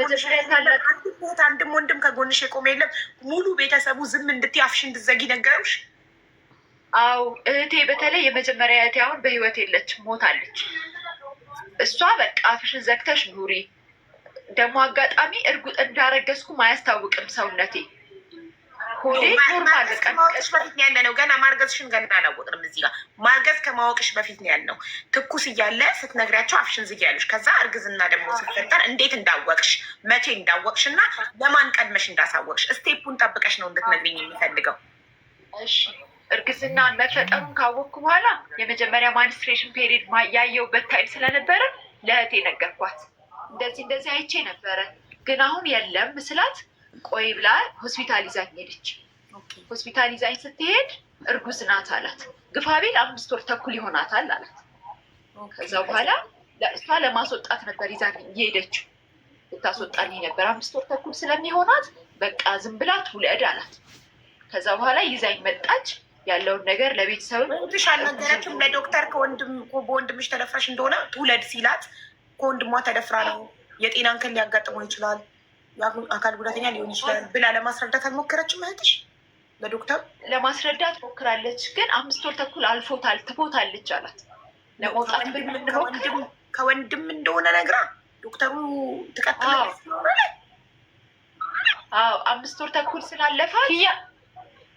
ቤተሰቦት አንድም ወንድም ከጎንሽ የቆመ የለም። ሙሉ ቤተሰቡ ዝም እንድትይ አፍሽ እንድትዘጊ ነገሩሽ። አው እህቴ በተለይ የመጀመሪያ እህቴ አሁን በህይወት የለች ሞታለች። እሷ በቃ አፍሽን ዘግተሽ ኑሪ። ደግሞ አጋጣሚ እርጉጥ እንዳረገዝኩም አያስታውቅም ሰውነቴ ከማወቅሽ በፊት ነው ያለ ነው። ገና ማርገዝሽን ገና አላወቅንም። እዚህ ጋር ማርገዝ ከማወቅሽ በፊት ነው ያለው። ትኩስ እያለ ስትነግሪያቸው አፍሽን ዝጊ ያሉሽ። ከዛ እርግዝና ደግሞ ስትፈጠር እንዴት እንዳወቅሽ፣ መቼ እንዳወቅሽ እና ለማን ቀድመሽ እንዳሳወቅሽ ስቴፑን ጠብቀሽ ነው እንድትነግሪኝ የሚፈልገው። እርግዝናን መፈጠሩን ካወቅኩ በኋላ የመጀመሪያ ማንስትሬሽን ፔሪድ ያየውበት ታይም ስለነበረ ለእህቴ ነገርኳት። እንደዚህ እንደዚህ አይቼ ነበረ ግን አሁን የለም ስላት ቆይ ብላ ሆስፒታል ይዛኝ ሄደች። ሆስፒታል ይዛኝ ስትሄድ እርጉዝ ናት አላት። ግፋ ቤል አምስት ወር ተኩል ይሆናታል አላት። ከዛ በኋላ እሷ ለማስወጣት ነበር ይዛ እየሄደችው ልታስወጣልኝ ነበር። አምስት ወር ተኩል ስለሚሆናት በቃ ዝም ብላ ትውለድ አላት። ከዛ በኋላ ይዛኝ መጣች። ያለውን ነገር ለቤተሰብ ትንሽ አልነገረችም ለዶክተር። ከወንድም በወንድምሽ ተደፍረሽ እንደሆነ ትውለድ ሲላት ከወንድሟ ተደፍራ ነው። የጤና እንከን ሊያጋጥመው ይችላል አካል ጉዳተኛ ሊሆን ይችላል ብላ ለማስረዳት አልሞከረችም እህትሽ? ለዶክተር ለማስረዳት ሞክራለች፣ ግን አምስት ወር ተኩል አልፎታል ትሞታለች አላት። ለመውጣት ከወንድም እንደሆነ ነግራ ዶክተሩ ትቀጥላለች። አምስት ወር ተኩል ስላለፋት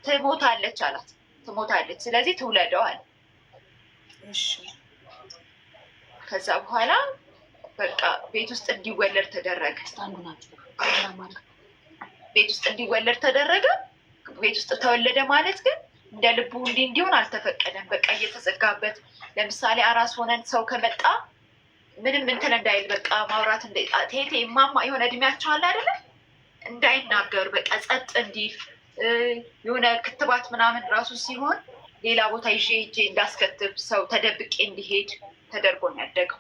ትሞታለች አላት። ትሞታለች፣ ስለዚህ ትውለደዋል። ከዛ በኋላ በቃ ቤት ውስጥ እንዲወለድ ተደረገ። ቤት ውስጥ እንዲወለድ ተደረገ። ቤት ውስጥ ተወለደ ማለት ግን እንደ ልቡ ሁሌ እንዲሆን አልተፈቀደም። በቃ እየተዘጋበት ለምሳሌ አራስ ሆነን ሰው ከመጣ ምንም እንትን እንዳይል በቃ ማውራት ቴቴ ማማ የሆነ እድሜያቸው አለ አይደለ እንዳይናገሩ በቃ ጸጥ እንዲል የሆነ ክትባት ምናምን ራሱ ሲሆን ሌላ ቦታ ይዤ ሄጄ እንዳስከትብ ሰው ተደብቄ እንዲሄድ ተደርጎ ነው ያደገው።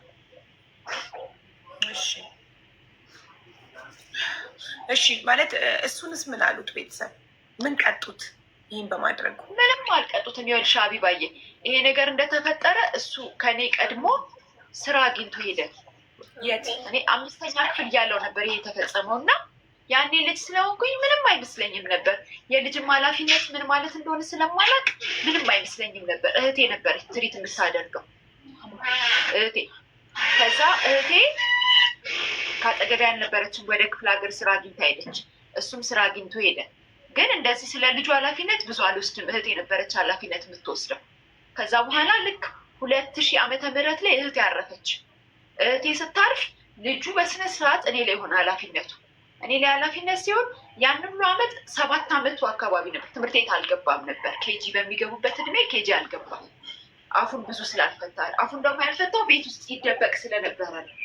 እሺ ማለት እሱንስ ምን አሉት? ቤተሰብ ምን ቀጡት? ይህን በማድረጉ ምንም አልቀጡትም። ይኸውልሽ አቢባዬ ይሄ ነገር እንደተፈጠረ እሱ ከኔ ቀድሞ ስራ አግኝቶ ሄደ። የት እኔ አምስተኛ ክፍል ያለው ነበር ይሄ የተፈጸመው እና ያኔ ልጅ ስለሆንኩኝ ምንም አይመስለኝም ነበር። የልጅም ኃላፊነት ምን ማለት እንደሆነ ስለማላቅ ምንም አይመስለኝም ነበር። እህቴ ነበር ትሪት የምታደርገው እህቴ። ከዛ እህቴ ካጠገቢ ያልነበረችን ወደ ክፍለ ሀገር ስራ አግኝታ ሄደች። እሱም ስራ አግኝቶ ሄደ። ግን እንደዚህ ስለ ልጁ ኃላፊነት ብዙ አልወስድም፣ እህት የነበረች ኃላፊነት የምትወስደው። ከዛ በኋላ ልክ ሁለት ሺህ ዓመተ ምህረት ላይ እህት ያረፈች። እህቴ ስታርፍ ልጁ በስነ ስርዓት እኔ ላይ ሆነ ኃላፊነቱ እኔ ላይ ኃላፊነት ሲሆን ያንኑ ዓመት ሰባት ዓመቱ አካባቢ ነበር ትምህርት ቤት አልገባም ነበር። ኬጂ በሚገቡበት እድሜ ኬጂ አልገባም። አፉን ብዙ ስላልፈታል አፉን ደግሞ ያልፈታው ቤት ውስጥ ይደበቅ ስለነበረ ነው።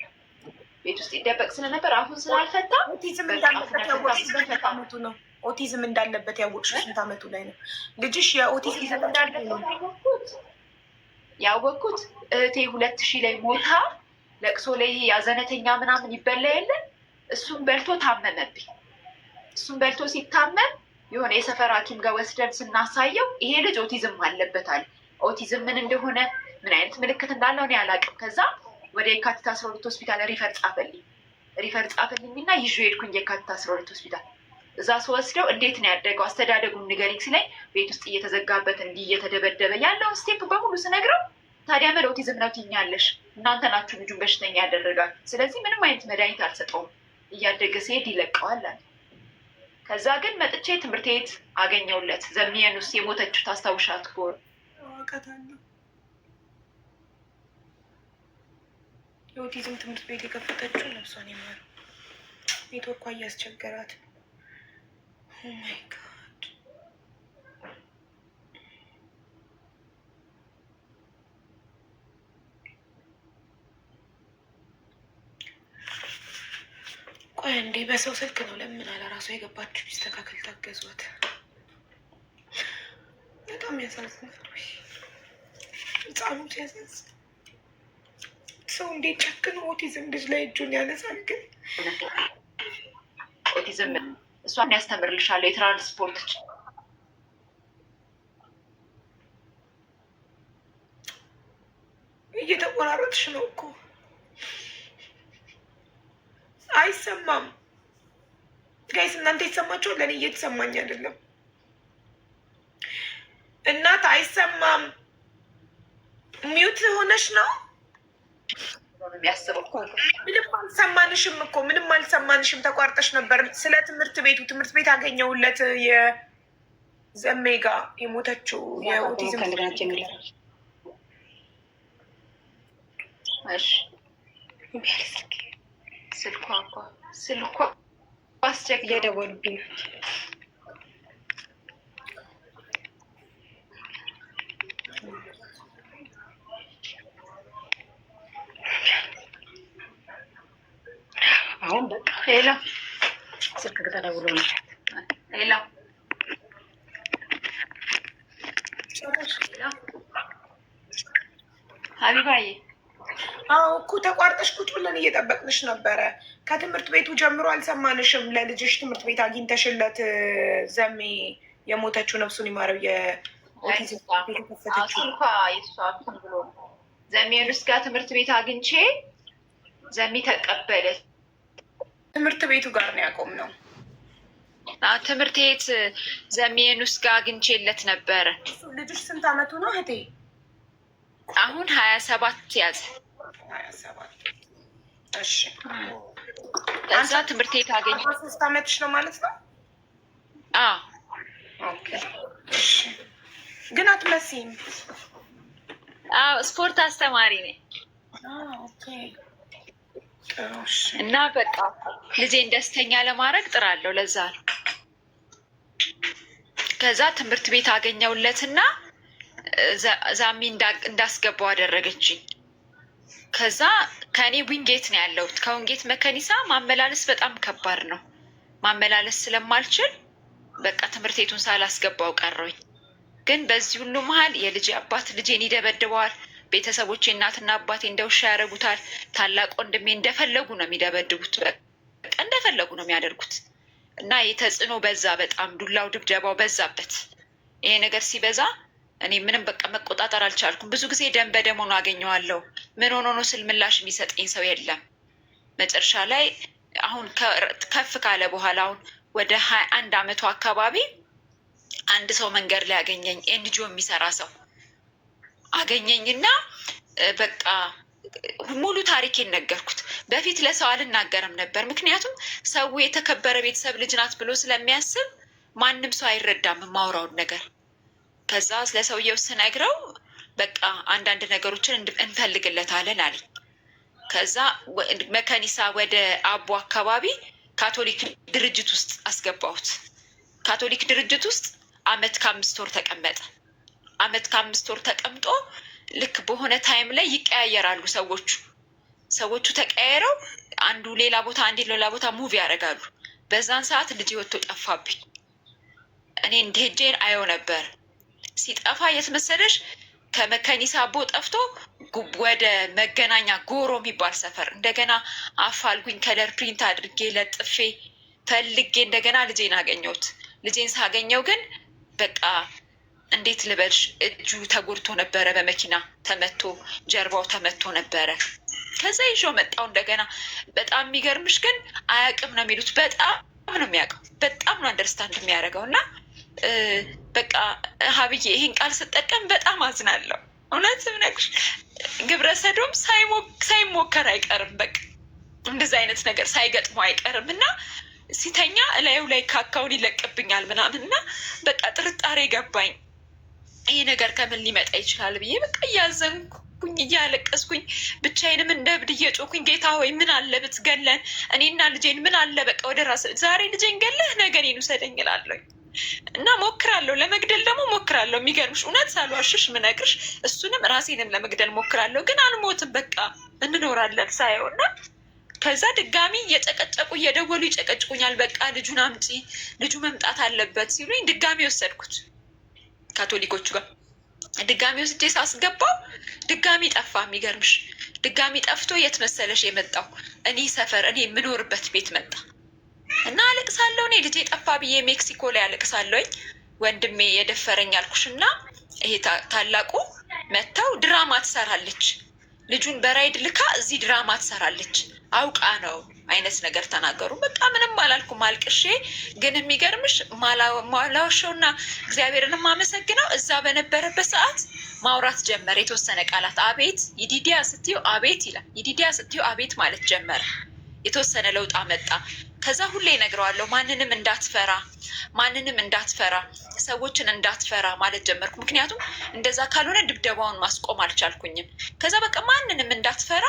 ቤት ውስጥ ይደበቅ ስለነበር አሁን ስላልፈታ ኦቲዝም እንዳለበት ያወቅሽው ስንት ነው? ኦቲዝም እንዳለበት ያወቅሽ ስንት አመቱ ላይ ነው? ልጅሽ የኦቲዝም እንዳለበት ያወቅኩት እህቴ ሁለት ሺህ ላይ ሞታ ለቅሶ ላይ ያዘነተኛ ምናምን ይበላ የለን እሱም በልቶ ታመመብኝ። እሱም በልቶ ሲታመም የሆነ የሰፈር ሐኪም ጋር ወስደን ስናሳየው ይሄ ልጅ ኦቲዝም አለበታል ኦቲዝም ምን እንደሆነ ምን አይነት ምልክት እንዳለው እኔ አላውቅም። ከዛ ወደ የካቲት አስራ ሁለት ሆስፒታል ሪፈር ጻፈልኝ ሪፈር ጻፈልኝ እና ይዤ ሄድኩኝ የካቲት አስራ ሁለት ሆስፒታል እዛ ስወስደው እንዴት ነው ያደገው አስተዳደጉን ንገሪኝ ሲለኝ ቤት ውስጥ እየተዘጋበት እንዲህ እየተደበደበ ያለውን ስቴፕ በሙሉ ስነግረው ታዲያ መድ ኦቲዝም ነው ትኛለሽ እናንተ ናችሁ ልጁን በሽተኛ ያደረጋል ስለዚህ ምንም አይነት መድኃኒት አልሰጠውም እያደገ ሲሄድ ይለቀዋል አለ ከዛ ግን መጥቼ ትምህርት ቤት አገኘውለት ዘሚየን ውስጥ የሞተችው ታስታውሻት ጎር የኦቲዝም ትምህርት ቤት የከፈተችው ለብሷን የማሩ ኔትወርኳ እያስቸገራት ኦማይ ጋድ oh ቆይ እንዴ በሰው ስልክ ነው ለምን አለ ራሷ የገባችው ይስተካከል ታገዟት በጣም ያሳዝናል ህፃኑ ሲያሳዝን ሰው እንዴት ጨክኖ ኦቲዝም ልጅ ላይ እጁን ያነሳል? ግን ኦቲዝም እሷን ያስተምርልሻል የትራንስፖርት እየተቆራረጥሽ ነው እኮ አይሰማም። ጋይስ እናንተ የተሰማቸው ለእኔ እየተሰማኝ አይደለም። እናት አይሰማም። ሚዩት ሆነሽ ነው የሚያስበው ምንም አልሰማንሽም እኮ ምንም አልሰማንሽም። ተቋርጠሽ ነበር። ስለ ትምህርት ቤቱ ትምህርት ቤት አገኘውለት የዘሜ ጋ የሞተችው የኦቲዝም ስልኳ ስልኳ አስቸግ አሁን በቃ ሌላ ስልክ ተደውሎ ነው ሌላ ሀቢባዬ አዎ እኮ ተቋርጠሽ ቁጭ ብለን እየጠበቅንሽ ነበረ። ከትምህርት ቤቱ ጀምሮ አልሰማንሽም። ለልጅሽ ትምህርት ቤት አግኝተሽለት ዘሜ የሞተችው ነፍሱን ይማረው የኦቲዝም ዘሜን ጋር ትምህርት ቤት አግኝቼ ዘሜ ተቀበለች ትምህርት ቤቱ ጋር ነው ያቆም ነው ትምህርት ቤት ዘሜን ውስጥ ጋር አግኝቼለት ነበረ። ልጆች ስንት አመቱ ነው እህቴ? አሁን ሀያ ሰባት ያዘ። እዛ ትምህርት ቤት አገኘ። ሶስት አመትሽ ነው ማለት ነው? አዎ። ግን አትመሲም። ስፖርት አስተማሪ ነኝ። እና በቃ ልጄን ደስተኛ ለማድረግ ጥራለሁ። ለዛ ነው። ከዛ ትምህርት ቤት አገኘውለትና ዛሚ እንዳስገባው አደረገችኝ። ከዛ ከእኔ ዊንጌት ነው ያለሁት። ከዊንጌት መከኒሳ ማመላለስ በጣም ከባድ ነው። ማመላለስ ስለማልችል በቃ ትምህርት ቤቱን ሳላስገባው ቀረኝ። ግን በዚህ ሁሉ መሀል የልጄ አባት ልጄን ይደበድበዋል። ቤተሰቦቼ እናትና አባቴ እንደ ውሻ ያደረጉታል። ታላቅ ወንድሜ እንደፈለጉ ነው የሚደበድቡት፣ እንደፈለጉ ነው የሚያደርጉት። እና የተጽዕኖ በዛ በጣም ዱላው ድብደባው በዛበት። ይሄ ነገር ሲበዛ እኔ ምንም በቃ መቆጣጠር አልቻልኩም። ብዙ ጊዜ ደም በደም ሆኖ አገኘዋለሁ። ምን ሆኖ ነው ስል ምላሽ የሚሰጠኝ ሰው የለም። መጨረሻ ላይ አሁን ከፍ ካለ በኋላ አሁን ወደ ሀያ አንድ አመቱ አካባቢ አንድ ሰው መንገድ ላይ ያገኘኝ ኤንጂኦ የሚሰራ ሰው አገኘኝና በቃ ሙሉ ታሪኬን ነገርኩት። በፊት ለሰው አልናገርም ነበር፣ ምክንያቱም ሰው የተከበረ ቤተሰብ ልጅ ናት ብሎ ስለሚያስብ ማንም ሰው አይረዳም የማውራውን ነገር። ከዛ ለሰውየው ስነግረው በቃ አንዳንድ ነገሮችን እንፈልግለታለን አለ። ከዛ መከኒሳ ወደ አቦ አካባቢ ካቶሊክ ድርጅት ውስጥ አስገባሁት። ካቶሊክ ድርጅት ውስጥ አመት ከአምስት ወር ተቀመጠ። አመት ከአምስት ወር ተቀምጦ ልክ በሆነ ታይም ላይ ይቀያየራሉ ሰዎቹ ሰዎቹ ተቀያይረው አንዱ ሌላ ቦታ አንድ ሌላ ቦታ ሙቪ ያደርጋሉ። በዛን ሰዓት ልጅ ወጥቶ ጠፋብኝ። እኔ እንደሄጄን አየው ነበር። ሲጠፋ የት መሰለሽ? ከመከኒሳ አቦ ጠፍቶ ወደ መገናኛ ጎሮ የሚባል ሰፈር እንደገና አፋልጉኝ ከለር ፕሪንት አድርጌ ለጥፌ ፈልጌ እንደገና ልጄን አገኘሁት። ልጄን ሳገኘው ግን በቃ እንዴት ልበልሽ፣ እጁ ተጎድቶ ነበረ፣ በመኪና ተመቶ ጀርባው ተመቶ ነበረ። ከዛ ይዤው መጣው እንደገና። በጣም የሚገርምሽ ግን አያውቅም ነው የሚሉት። በጣም ነው የሚያውቀው፣ በጣም ነው አንደርስታንድ የሚያደርገው። እና በቃ ሀብዬ ይህን ቃል ስጠቀም በጣም አዝናለሁ። እውነት ምነግርሽ ግብረ ሰዶም ሳይሞከር አይቀርም። በቃ እንደዚ አይነት ነገር ሳይገጥሞ አይቀርም እና ሲተኛ እላዩ ላይ ካካውን ይለቅብኛል ምናምን እና በቃ ጥርጣሬ ገባኝ። ይህ ነገር ከምን ሊመጣ ይችላል ብዬ በቃ እያዘንኩኝ እያለቀስኩኝ ብቻዬንም እንደ እብድ እየጮኩኝ ጌታ ሆይ ምን አለ ብትገለን እኔና ልጄን ምን አለ በቃ ወደ ራስ ዛሬ ልጄን ገለህ ነገ እኔን ውሰደኝ እላለሁ እና ሞክራለሁ፣ ለመግደል ደግሞ ሞክራለሁ። የሚገርምሽ እውነት ሳልዋሽሽ ምነግርሽ እሱንም ራሴንም ለመግደል ሞክራለሁ፣ ግን አልሞትም። በቃ እንኖራለን ሳየው እና ከዛ ድጋሚ እየጨቀጨቁ እየደወሉ ይጨቀጭቁኛል። በቃ ልጁን አምጪ፣ ልጁ መምጣት አለበት ሲሉኝ ድጋሚ ወሰድኩት። ካቶሊኮቹ ጋር ድጋሚ ውስጄ ሳስገባው ድጋሚ ጠፋ። የሚገርምሽ ድጋሚ ጠፍቶ የት መሰለሽ የመጣው እኔ ሰፈር እኔ የምኖርበት ቤት መጣ እና አለቅሳለሁ። እኔ ልጄ ጠፋ ብዬ ሜክሲኮ ላይ አለቅሳለሁኝ። ወንድሜ የደፈረኝ አልኩሽ እና ይሄ ታላቁ መጥተው ድራማ ትሰራለች። ልጁን በራይድ ልካ እዚህ ድራማ ትሰራለች። አውቃ ነው አይነት ነገር ተናገሩ። በቃ ምንም አላልኩም አልቅሼ። ግን የሚገርምሽ ማላውሸውና እግዚአብሔርን ማመሰግነው እዛ በነበረበት ሰዓት ማውራት ጀመረ። የተወሰነ ቃላት አቤት ይዲዲያ ስትዩ አቤት ይላል። ይዲዲያ ስትዩ አቤት ማለት ጀመረ። የተወሰነ ለውጥ አመጣ። ከዛ ሁሌ ነግረዋለሁ፣ ማንንም እንዳትፈራ፣ ማንንም እንዳትፈራ፣ ሰዎችን እንዳትፈራ ማለት ጀመርኩ። ምክንያቱም እንደዛ ካልሆነ ድብደባውን ማስቆም አልቻልኩኝም። ከዛ በቃ ማንንም እንዳትፈራ፣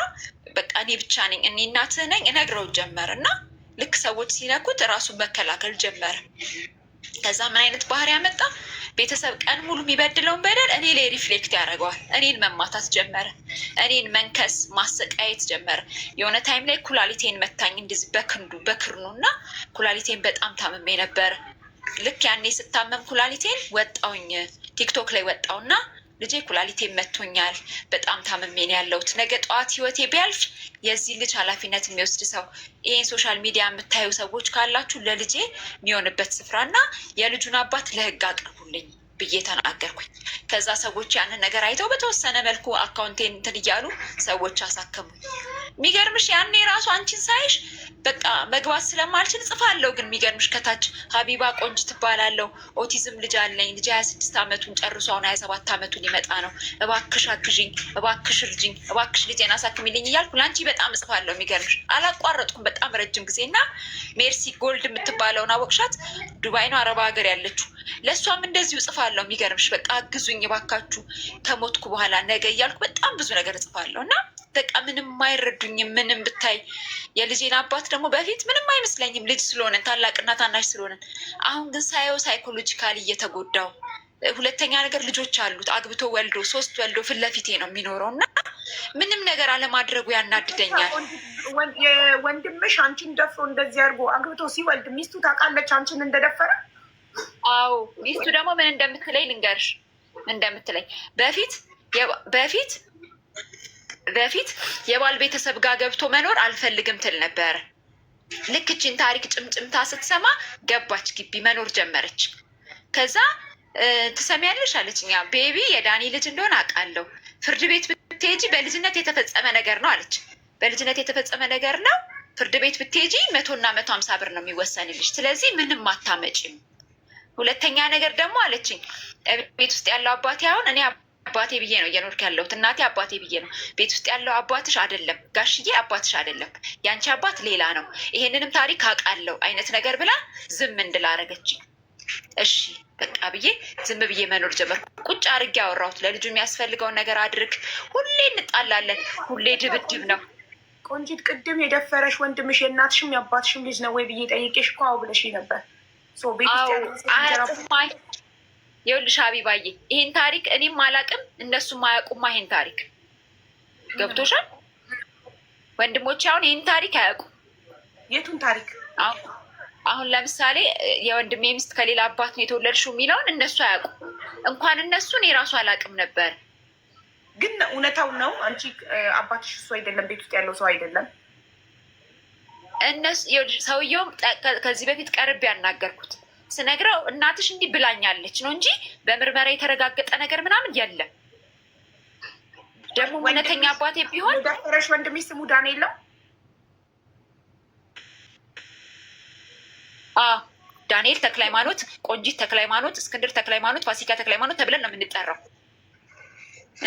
በቃ እኔ ብቻ ነኝ፣ እኔ እናትህ ነኝ እነግረው ጀመር እና ልክ ሰዎች ሲነኩት እራሱን መከላከል ጀመር። ከዛ ምን አይነት ባህሪ ያመጣ ቤተሰብ ቀን ሙሉ የሚበድለውን በደል እኔ ላይ ሪፍሌክት ያደርገዋል። እኔን መማታት ጀመረ። እኔን መንከስ ማሰቃየት ጀመረ። የሆነ ታይም ላይ ኩላሊቴን መታኝ እንደዚህ በክንዱ በክርኑ እና ኩላሊቴን በጣም ታምሜ ነበር። ልክ ያኔ ስታመም ኩላሊቴን ወጣውኝ ቲክቶክ ላይ ወጣውና ልጄ ኩላሊቴ መቶኛል፣ በጣም ታምሜን ያለውት ያለሁት። ነገ ጠዋት ህይወቴ ቢያልፍ የዚህ ልጅ ኃላፊነት የሚወስድ ሰው ይህን ሶሻል ሚዲያ የምታዩ ሰዎች ካላችሁ ለልጄ የሚሆንበት ስፍራና የልጁን አባት ለህግ አቅርቡልኝ። ብዬ ተናገርኩኝ። ከዛ ሰዎች ያንን ነገር አይተው በተወሰነ መልኩ አካውንቴን እንትን እያሉ ሰዎች አሳከሙኝ። የሚገርምሽ ያኔ ራሱ አንቺን ሳይሽ በቃ መግባት ስለማልችል ጽፋለሁ። ግን የሚገርምሽ ከታች ሀቢባ ቆንጅ ትባላለሁ፣ ኦቲዝም ልጅ አለኝ። ልጅ ሀያ ስድስት ዓመቱን ጨርሶ አሁን ሀያ ሰባት ዓመቱን ሊመጣ ነው። እባክሽ አግዥኝ፣ እባክሽ እርጅኝ፣ እባክሽ ልጄን አሳክሚልኝ እያልኩ ለአንቺ በጣም እጽፋለሁ። የሚገርምሽ አላቋረጥኩም በጣም ረጅም ጊዜ እና ሜርሲ ጎልድ የምትባለውን አወቅሻት? ዱባይ ነው አረባ ሀገር ያለችው። ለእሷም እንደዚሁ ጽፋለሁ እጽፋለሁ። የሚገርምሽ በቃ አግዙኝ ባካችሁ ከሞትኩ በኋላ ነገ እያልኩ በጣም ብዙ ነገር እጽፋለሁ እና በቃ ምንም አይረዱኝም። ምንም ብታይ የልጄን አባት ደግሞ በፊት ምንም አይመስለኝም ልጅ ስለሆነን ታላቅና ታናሽ ስለሆነን፣ አሁን ግን ሳየው ሳይኮሎጂካል እየተጎዳው ሁለተኛ ነገር ልጆች አሉት አግብቶ ወልዶ ሶስት ወልዶ ፊት ለፊቴ ነው የሚኖረው እና ምንም ነገር አለማድረጉ ያናድደኛል። ወንድምሽ አንቺን ደፍሮ እንደዚህ አድርጎ አግብቶ ሲወልድ ሚስቱ ታውቃለች አንቺን እንደደፈረ አዎ ሚስቱ ደግሞ ምን እንደምትለኝ ልንገርሽ፣ እንደምትለኝ በፊት በፊት በፊት የባል ቤተሰብ ጋር ገብቶ መኖር አልፈልግም ትል ነበር። ልክ እችን ታሪክ ጭምጭምታ ስትሰማ ገባች ግቢ መኖር ጀመረች። ከዛ ትሰሚያለሽ አለችኛ ቤቢ የዳኒ ልጅ እንደሆነ አውቃለሁ። ፍርድ ቤት ብትሄጂ በልጅነት የተፈጸመ ነገር ነው አለች። በልጅነት የተፈጸመ ነገር ነው። ፍርድ ቤት ብትሄጂ መቶና መቶ ሀምሳ ብር ነው የሚወሰንልሽ። ስለዚህ ምንም አታመጪም ሁለተኛ ነገር ደግሞ አለችኝ፣ ቤት ውስጥ ያለው አባቴ አሁን እኔ አባቴ ብዬ ነው እየኖርክ ያለሁት፣ እናቴ አባቴ ብዬ ነው። ቤት ውስጥ ያለው አባትሽ አይደለም ጋሽዬ፣ አባትሽ አይደለም፣ ያንቺ አባት ሌላ ነው። ይሄንንም ታሪክ አውቃለሁ አይነት ነገር ብላ ዝም እንድል አደረገችኝ። እሺ በቃ ብዬ ዝም ብዬ መኖር ጀመር ቁጭ አድርጌ አወራሁት። ለልጁ የሚያስፈልገውን ነገር አድርግ። ሁሌ እንጣላለን፣ ሁሌ ድብድብ ነው። ቆንጂት፣ ቅድም የደፈረሽ ወንድምሽ የእናትሽም የአባትሽም ልጅ ነው ወይ ብዬ ጠይቄሽ እኮ አዎ ብለሽ ነበር። ይኸውልሽ ሀቢባዬ ይሄን ታሪክ እኔም አላውቅም እነሱም አያውቁማ። ይሄን ታሪክ ገብቶሻል? ወንድሞች አሁን ይህን ታሪክ አያውቁም። የቱን ታሪክ? አሁን ለምሳሌ የወንድሜ ሚስት ከሌላ አባት ነው የተወለድሽው የሚለውን እነሱ አያውቁም። እንኳን እነሱን የራሱ አላውቅም ነበር። ግን እውነታው ነው። አንቺ አባትሽ እሱ አይደለም፣ ቤት ውስጥ ያለው ሰው አይደለም። እነሱ ሰውየውም ከዚህ በፊት ቀርብ ያናገርኩት ስነግረው እናትሽ እንዲህ ብላኛለች ነው እንጂ በምርመራ የተረጋገጠ ነገር ምናምን የለም። ደግሞ እውነተኛ አባቴ ቢሆን ደፈረሽ ወንድሜ ስሙ ዳን የለው ዳንኤል ተክለ ሃይማኖት፣ ቆንጂት ተክለ ሃይማኖት፣ እስክንድር ተክለ ሃይማኖት፣ ፋሲካ ተክለ ሃይማኖት ተብለን ነው የምንጠራው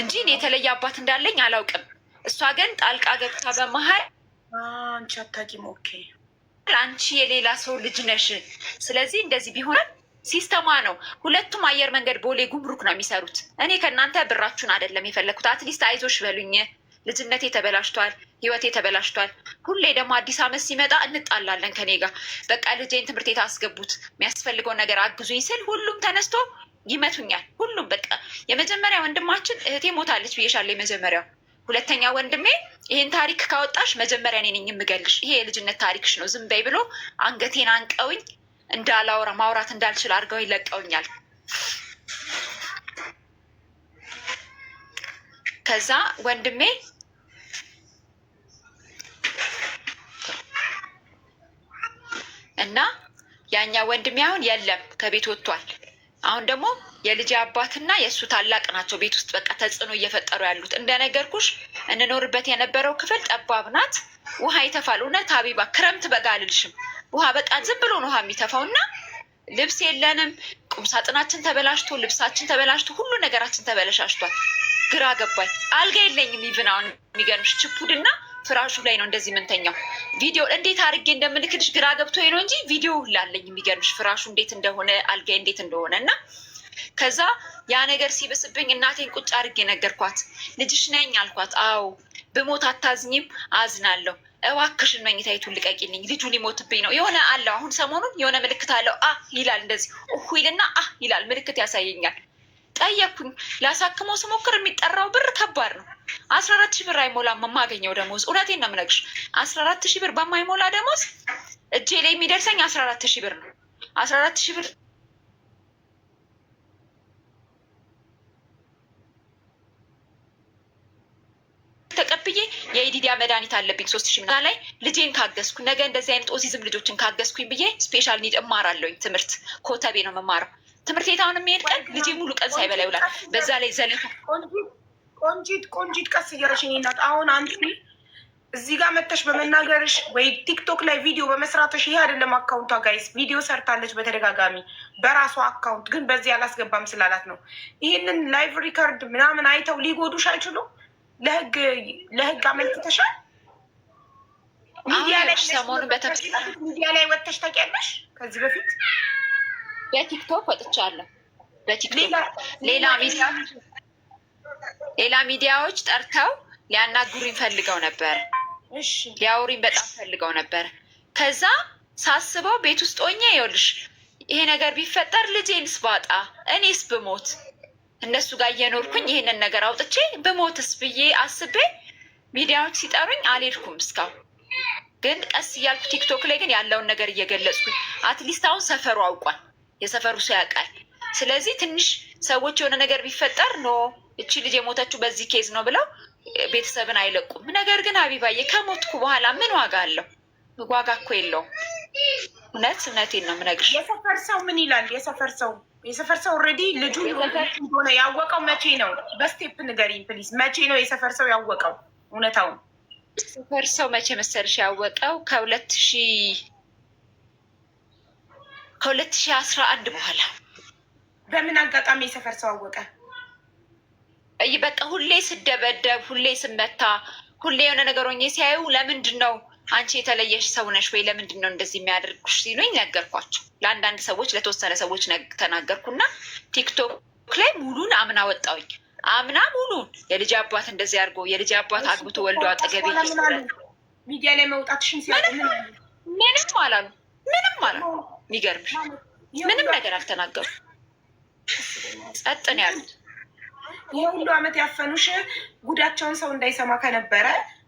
እንጂ የተለየ አባት እንዳለኝ አላውቅም። እሷ ግን ጣልቃ ገብታ በመሀል አንቺ አታውቂም። ኦኬ አንቺ የሌላ ሰው ልጅ ነሽ። ስለዚህ እንደዚህ ቢሆንም ሲስተማ ነው። ሁለቱም አየር መንገድ ቦሌ ጉምሩክ ነው የሚሰሩት። እኔ ከእናንተ ብራችሁን አይደለም የፈለግኩት። አትሊስት አይዞሽ በሉኝ። ልጅነቴ ተበላሽቷል፣ ህይወቴ ተበላሽቷል። ሁሌ ደግሞ አዲስ ዓመት ሲመጣ እንጣላለን ከኔ ጋር። በቃ ልጄን ትምህርት ቤት አስገቡት፣ የሚያስፈልገውን ነገር አግዙኝ ስል ሁሉም ተነስቶ ይመቱኛል። ሁሉም በቃ የመጀመሪያ ወንድማችን እህቴ ሞታለች ብዬሻለሁ። የመጀመሪያው ሁለተኛ ወንድሜ ይህን ታሪክ ካወጣሽ መጀመሪያ እኔ ነኝ የምገልሽ፣ ይሄ የልጅነት ታሪክሽ ነው፣ ዝም በይ ብሎ አንገቴን አንቀውኝ እንዳላውራ ማውራት እንዳልችል አድርገውኝ ለቀውኛል። ከዛ ወንድሜ እና ያኛ ወንድሜ አሁን የለም ከቤት ወጥቷል። አሁን ደግሞ የልጅ አባትና የእሱ ታላቅ ናቸው። ቤት ውስጥ በቃ ተጽዕኖ እየፈጠሩ ያሉት እንደነገርኩሽ፣ እንኖርበት የነበረው ክፍል ጠባብ ናት። ውሃ ይተፋል። እውነት አቢባ ክረምት በጋ አልልሽም። ውሃ በቃ ዝም ብሎ ነው ውሃ የሚተፋው እና ልብስ የለንም። ቁምሳጥናችን ተበላሽቶ፣ ልብሳችን ተበላሽቶ፣ ሁሉ ነገራችን ተበለሻሽቷል። ግራ ገባኝ። አልጋ የለኝም። ይብን አሁን የሚገርምሽ ችፑድና ፍራሹ ላይ ነው እንደዚህ ምንተኛው። ቪዲዮ እንዴት አድርጌ እንደምልክልሽ ግራ ገብቶ ነው እንጂ ቪዲዮ ላለኝ የሚገርምሽ ፍራሹ እንዴት እንደሆነ አልጋ እንዴት እንደሆነ እና ከዛ ያ ነገር ሲበስብኝ እናቴን ቁጭ አድርጌ ነገርኳት። ልጅሽ ነኝ አልኳት። አዎ ብሞት አታዝኝም? አዝናለሁ። እባክሽን መኝታይቱን ልቀቂልኝ፣ ልጁ ሊሞትብኝ ነው። የሆነ አለው አሁን ሰሞኑን የሆነ ምልክት አለው። አ ይላል እንደዚህ እሁ ይልና አ ይላል ምልክት ያሳየኛል። ጠየኩኝ። ላሳክመው ስሞክር የሚጠራው ብር ከባድ ነው። አስራ አራት ሺህ ብር አይሞላም የማገኘው ደሞዝ። እውነቴን ነው የምነግርሽ። አስራ አራት ሺህ ብር በማይሞላ ደሞዝ እጄ ላይ የሚደርሰኝ አስራ አራት ሺህ ብር ነው። አስራ አራት ሺህ ብር ተቀብዬ የኢዲዲያ መድኃኒት አለብኝ ሶስት ሺ ምና ላይ ልጄን ካገዝኩ ነገ እንደዚህ አይነት ኦቲዝም ልጆችን ካገዝኩኝ ብዬ ስፔሻል ኒድ እማራለሁኝ። ትምህርት ኮተቤ ነው መማረው። ትምህርት ቤት አሁን የሚሄድ ቀን ልጄ ሙሉ ቀን ሳይበላ ይውላል። በዛ ላይ ዘለ ቆንጂት ቆንጂት ቀስ እያለሽ እኔ እናት አሁን አንቺ እዚህ ጋር መተሽ በመናገርሽ ወይ ቲክቶክ ላይ ቪዲዮ በመስራትሽ ይሄ አይደለም አካውንቷ። ጋይስ ቪዲዮ ሰርታለች በተደጋጋሚ በራሷ አካውንት ግን በዚህ አላስገባም ስላላት ነው። ይህንን ላይቭ ሪከርድ ምናምን አይተው ሊጎዱሽ አይችሉም። ለህግ አመልክተሻል? ሚዲያ ላይ ሰሞኑን በተከታታይ ሚዲያ ላይ ወጥተሽ ታውቂያለሽ? ከዚህ በፊት በቲክቶክ ወጥቻለሁ። በቲክቶክ ሌላ ሚዲያ ሌላ ሚዲያዎች ጠርተው ሊያናግሩኝ ፈልገው ነበር፣ ሊያወሩኝ በጣም ፈልገው ነበር። ከዛ ሳስበው ቤት ውስጥ ሆኜ ይኸውልሽ ይሄ ነገር ቢፈጠር ልጄንስ ባጣ እኔስ ብሞት እነሱ ጋር እየኖርኩኝ ይህንን ነገር አውጥቼ በሞትስ ብዬ አስቤ ሚዲያዎች ሲጠሩኝ አልሄድኩም። እስካሁን ግን ቀስ እያልኩ ቲክቶክ ላይ ግን ያለውን ነገር እየገለጽኩኝ፣ አትሊስት አሁን ሰፈሩ አውቋል፣ የሰፈሩ ሰው ያውቃል። ስለዚህ ትንሽ ሰዎች የሆነ ነገር ቢፈጠር ኖ እቺ ልጅ የሞተችው በዚህ ኬዝ ነው ብለው ቤተሰብን አይለቁም። ነገር ግን አቢባዬ ከሞትኩ በኋላ ምን ዋጋ አለው? ዋጋ እኮ የለውም። እውነት እውነቴን ነው የምነግርሽ። የሰፈር ሰው ምን ይላል? የሰፈር ሰው የሰፈር ሰው ኦልሬዲ ልጁ ሆነ ያወቀው መቼ ነው? በስቴፕ ንገሪኝ ፕሊዝ። መቼ ነው የሰፈር ሰው ያወቀው እውነታውን? የሰፈር ሰው መቼ መሰልሽ ያወቀው ከሁለት ሺ ከሁለት ሺ አስራ አንድ በኋላ። በምን አጋጣሚ የሰፈር ሰው አወቀ? በቃ ሁሌ ስደበደብ፣ ሁሌ ስመታ፣ ሁሌ የሆነ ነገሮኝ ሲያዩ ለምንድን ነው አንቺ የተለየሽ ሰው ነሽ ወይ? ለምንድን ነው እንደዚህ የሚያደርጉሽ ሲሉኝ ነገርኳቸው። ለአንዳንድ ሰዎች ለተወሰነ ሰዎች ተናገርኩና ቲክቶክ ላይ ሙሉን አምና ወጣውኝ። አምና ሙሉን የልጅ አባት እንደዚህ አድርጎ የልጅ አባት አግብቶ ወልዶ አጠገቤ ሚዲያ ላይ መውጣትሽን ምንም አላሉ፣ ምንም አላሉ። የሚገርምሽ ምንም ነገር አልተናገሩ፣ ጸጥን ያሉት። የሁሉ ሁሉ አመት ያፈኑሽ ጉዳቸውን ሰው እንዳይሰማ ከነበረ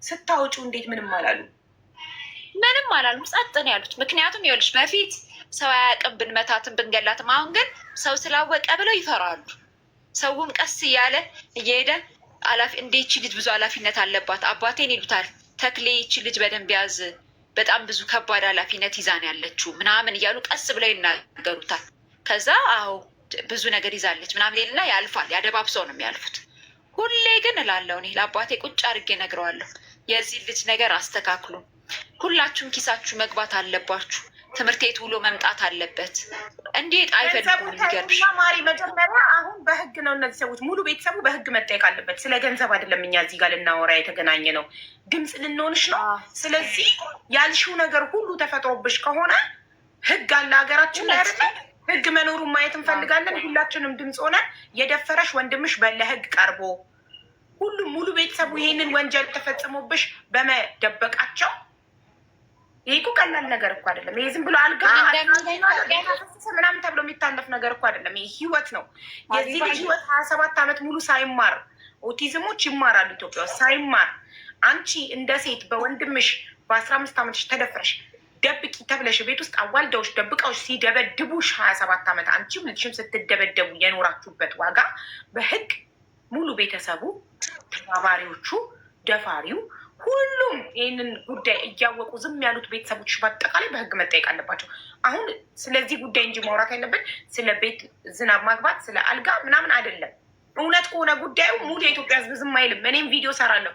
ስታወጩ እንዴት ምንም አላሉ? ምንም አላሉም፣ ጸጥ ነው ያሉት። ምክንያቱም ይኸውልሽ በፊት ሰው አያውቅም ብንመታትም ብንገላትም፣ አሁን ግን ሰው ስላወቀ ብለው ይፈራሉ። ሰውም ቀስ እያለ እየሄደ እንደ ይቺ ልጅ ብዙ ኃላፊነት አለባት አባቴን ይሉታል ተክሌ ይቺ ልጅ በደንብ ያዝ፣ በጣም ብዙ ከባድ ኃላፊነት ይዛን ያለችው ምናምን እያሉ ቀስ ብለው ይናገሩታል። ከዛ አዎ ብዙ ነገር ይዛለች ምናምን ሌልና ያልፋል። ያደባብሰው ነው የሚያልፉት። ሁሌ ግን እላለሁ እኔ ለአባቴ ቁጭ አድርጌ ነግረዋለሁ፣ የዚህ ልጅ ነገር አስተካክሉ ሁላችሁም ኪሳችሁ መግባት አለባችሁ። ትምህርት ቤት ውሎ መምጣት አለበት። እንዴት አይፈልጉም? ማሪ፣ መጀመሪያ አሁን በህግ ነው እነዚህ ሰዎች ሙሉ ቤተሰቡ በህግ መጠየቅ አለበት። ስለ ገንዘብ አይደለም እኛ እዚህ ጋር ልናወራ የተገናኘ ነው። ድምፅ ልንሆንሽ ነው። ስለዚህ ያልሽው ነገር ሁሉ ተፈጥሮብሽ ከሆነ ህግ አለ ሀገራችን ላይ ህግ መኖሩን ማየት እንፈልጋለን። ሁላችንም ድምፅ ሆነን የደፈረሽ ወንድምሽ ለህግ ቀርቦ ሁሉም ሙሉ ቤተሰቡ ይሄንን ወንጀል ተፈጽሞብሽ በመደበቃቸው ይሄ እኮ ቀላል ነገር እኮ አይደለም። ይሄ ዝም ብሎ አልጋ ምናምን ተብሎ የሚታለፍ ነገር እኮ አይደለም። ይሄ ህይወት ነው። የዚህ ልጅ ህይወት ሀያ ሰባት ዓመት ሙሉ ሳይማር ኦቲዝሞች ይማራሉ ኢትዮጵያ ውስጥ ሳይማር አንቺ እንደ ሴት በወንድምሽ በአስራ አምስት ዓመትሽ ተደፍረሽ ደብቂ ተብለሽ ቤት ውስጥ አዋልደውሽ ደብቀውሽ ሲደበድቡሽ ሀያ ሰባት ዓመት አንቺ ልጅሽም ስትደበደቡ የኖራችሁበት ዋጋ በህግ ሙሉ ቤተሰቡ ተባባሪዎቹ ደፋሪው ሁሉም ይህንን ጉዳይ እያወቁ ዝም ያሉት ቤተሰቦች በአጠቃላይ በህግ መጠየቅ አለባቸው። አሁን ስለዚህ ጉዳይ እንጂ ማውራት ያለብን ስለ ቤት ዝናብ ማግባት፣ ስለ አልጋ ምናምን አይደለም። እውነት ከሆነ ጉዳዩ ሙሉ የኢትዮጵያ ህዝብ ዝም አይልም። እኔም ቪዲዮ ሰራለሁ።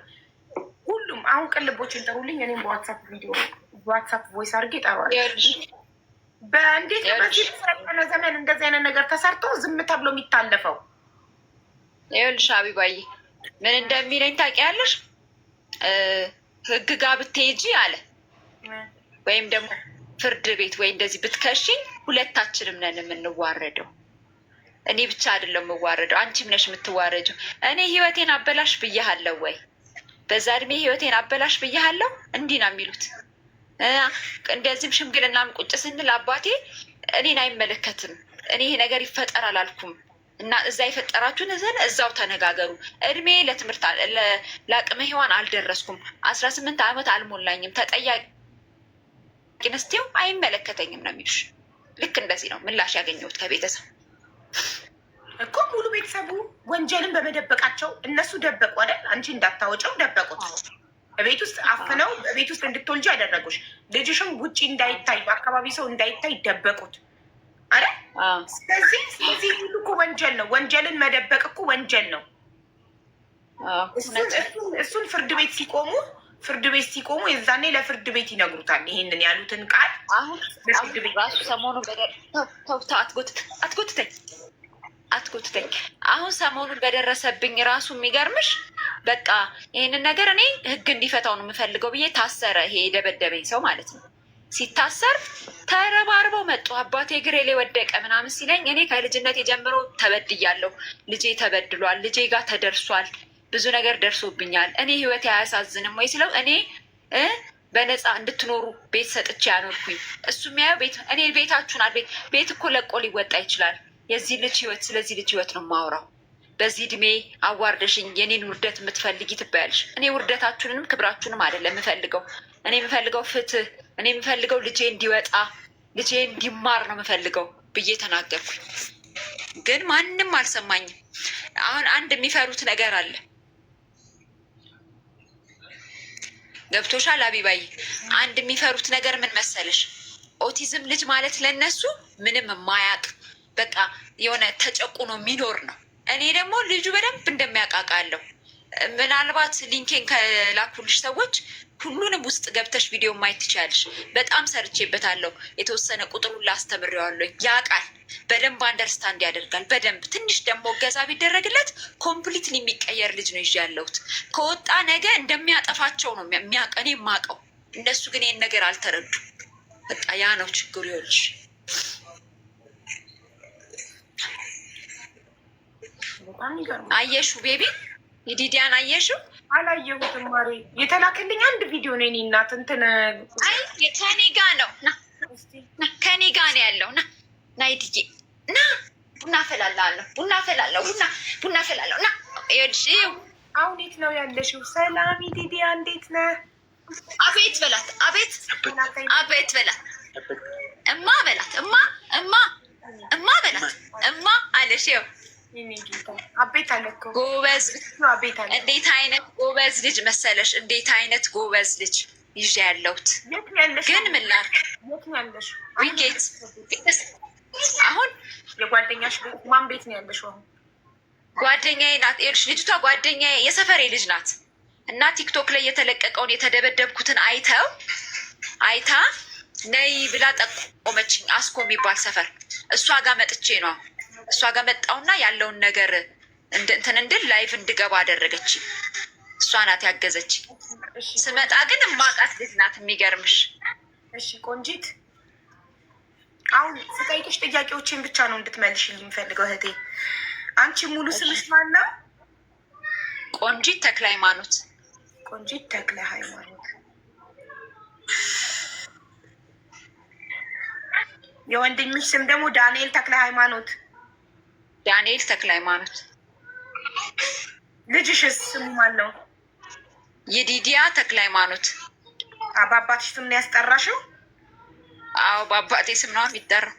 ሁሉም አሁን ቅልቦችን ጥሩልኝ። እኔም በዋትሳፕ ቪዲዮ በዋትሳፕ ቮይስ አድርጌ እጠራዋለሁ። በእንዴት በዚህ ሰለጠነ ዘመን እንደዚህ አይነት ነገር ተሰርቶ ዝም ተብሎ የሚታለፈው? ይኸውልሽ አቢባዬ ምን እንደሚለኝ ታውቂያለሽ? ህግ ጋር ብትሄጂ አለ ወይም ደግሞ ፍርድ ቤት ወይ እንደዚህ ብትከሽኝ ሁለታችንም ነን የምንዋረደው። እኔ ብቻ አደለው የምዋረደው፣ አንቺም ነሽ የምትዋረጀው። እኔ ህይወቴን አበላሽ ብያሃለው ወይ በዛ እድሜ ህይወቴን አበላሽ ብያሃለው። እንዲህ ነው የሚሉት። እንደዚህም ሽምግልናም ቁጭ ስንል አባቴ እኔን አይመለከትም፣ እኔ ይሄ ነገር ይፈጠር አላልኩም እና እዛ የፈጠራችሁን እዘን እዛው ተነጋገሩ። እድሜ ለትምህርት ለአቅመ ሔዋን አልደረስኩም፣ አስራ ስምንት ዓመት አልሞላኝም፣ ተጠያቂነት ስቴው አይመለከተኝም ነው የሚሉሽ። ልክ እንደዚህ ነው ምላሽ ያገኘሁት ከቤተሰብ እኮ ሙሉ ቤተሰቡ ወንጀልን በመደበቃቸው እነሱ ደበቁ አይደል? አንቺ እንዳታወጨው ደበቁት። በቤት ውስጥ አፍነው በቤት ውስጥ እንድትወልጂ ያደረጉሽ ልጅሽም ውጭ እንዳይታይ በአካባቢ ሰው እንዳይታይ ደበቁት። አረ ስለዚህ ስለዚህ ሁሉ እኮ ወንጀል ነው። ወንጀልን መደበቅ እኮ ወንጀል ነው። እሱን ፍርድ ቤት ሲቆሙ ፍርድ ቤት ሲቆሙ የዛኔ ለፍርድ ቤት ይነግሩታል። ይሄንን ያሉትን ቃል ፍርድ ራሱ ሰሞኑን አትጎትተኝ አትጎትተኝ አሁን ሰሞኑን በደረሰብኝ ራሱ የሚገርምሽ በቃ ይህንን ነገር እኔ ህግ እንዲፈታው ነው የምፈልገው ብዬ ታሰረ። ይሄ የደበደበኝ ሰው ማለት ነው ሲታሰር ተረባርበው መጡ። አባቴ እግሬ ላይ ወደቀ ምናምን ሲለኝ እኔ ከልጅነት የጀምሮ ተበድያለሁ፣ ልጄ ተበድሏል፣ ልጄ ጋር ተደርሷል፣ ብዙ ነገር ደርሶብኛል፣ እኔ ህይወት አያሳዝንም ወይ ስለው እኔ በነፃ እንድትኖሩ ቤት ሰጥቼ ያኖርኩኝ እሱ የሚያየው ቤት እኔ ቤታችሁን አል ቤት እኮ ለቆ ሊወጣ ይችላል። የዚህ ልጅ ህይወት ስለዚህ ልጅ ህይወት ነው የማወራው። በዚህ እድሜ አዋርደሽኝ የኔን ውርደት የምትፈልጊ ትባያለሽ። እኔ ውርደታችሁንም ክብራችሁንም አይደለም የምፈልገው። እኔ የምፈልገው ፍትህ እኔ የምፈልገው ልጄ እንዲወጣ ልጄ እንዲማር ነው የምፈልገው ብዬ ተናገርኩ ግን ማንም አልሰማኝም። አሁን አንድ የሚፈሩት ነገር አለ። ገብቶሻል አቢባይ? አንድ የሚፈሩት ነገር ምን መሰለሽ? ኦቲዝም ልጅ ማለት ለነሱ ምንም የማያውቅ በቃ የሆነ ተጨቁኖ የሚኖር ነው። እኔ ደግሞ ልጁ በደንብ እንደሚያውቃቃለሁ ምናልባት ሊንኬን ከላኩልሽ ሰዎች ሁሉንም ውስጥ ገብተሽ ቪዲዮ ማየት ትችያለሽ። በጣም ሰርቼበታለሁ። የተወሰነ ቁጥሩን ላስተምሬዋለሁ። ያ ቃል በደንብ አንደርስታንድ ያደርጋል። በደንብ ትንሽ ደግሞ እገዛ ቢደረግለት ኮምፕሊትሊ የሚቀየር ልጅ ነው ይዤ ያለሁት። ከወጣ ነገ እንደሚያጠፋቸው ነው የሚያቀኔ የማውቀው። እነሱ ግን ይህን ነገር አልተረዱ። በቃ ያ ነው ችግሩ ይሆንሽ አየሹ ቤቢ የዲዲያን አየሽው? አላየሁትም። ማሪ የተላክልኝ አንድ ቪዲዮ ነው። እኔ እናት እንትን አይ ከኔ ጋ ነው ከኔ ጋ ነው ያለው። ና ና ይድዬ ና ቡና ፈላላለሁ። ቡና ፈላለሁ ቡና ቡና ፈላለሁ ና ይኸውልሽ። አሁን የት ነው ያለሽው? ሰላም ዲዲያ እንዴት ነ? አቤት በላት አቤት አቤት በላት እማ በላት እማ እማ እማ በላት እማ አለሽ ው ጎበዝ እንዴት አይነት ጎበዝ ልጅ መሰለሽ! እንዴት አይነት ጎበዝ ልጅ ይዤ ያለሁት ግን አሁን የጓደኛሽ ማን ቤት ነው ጓደኛዬ ናት ልጅቷ ጓደኛዬ የሰፈሬ ልጅ ናት እና ቲክቶክ ላይ የተለቀቀውን የተደበደብኩትን አይተው አይታ ነይ ብላ ጠቆመችኝ። አስኮ የሚባል ሰፈር እሷ ጋር መጥቼ ነው እሷ ጋር መጣውና ያለውን ነገር እንትን እንድል ላይፍ እንድገባ አደረገች። እሷ ናት ያገዘች። ስመጣ ግን ማቃት ልጅ ናት። የሚገርምሽ እሺ ቆንጂት፣ አሁን ስጠይቅሽ ጥያቄዎችን ብቻ ነው እንድትመልሽልኝ የምፈልገው እህቴ። አንቺ ሙሉ ስምሽ ማን ነው? ቆንጂት ተክለ ሃይማኖት። ቆንጂት ተክለ ሃይማኖት። የወንድምሽ ስም ደግሞ ዳንኤል ተክለ ሃይማኖት። ዳንኤል ተክለ ሃይማኖት ልጅሽስ ስሙ ማን ነው? የዲዲያ ተክለ ሃይማኖት። በአባትሽ ስም ነው ያስጠራሽው? አዎ በአባቴ ስም ነው የሚጠራው።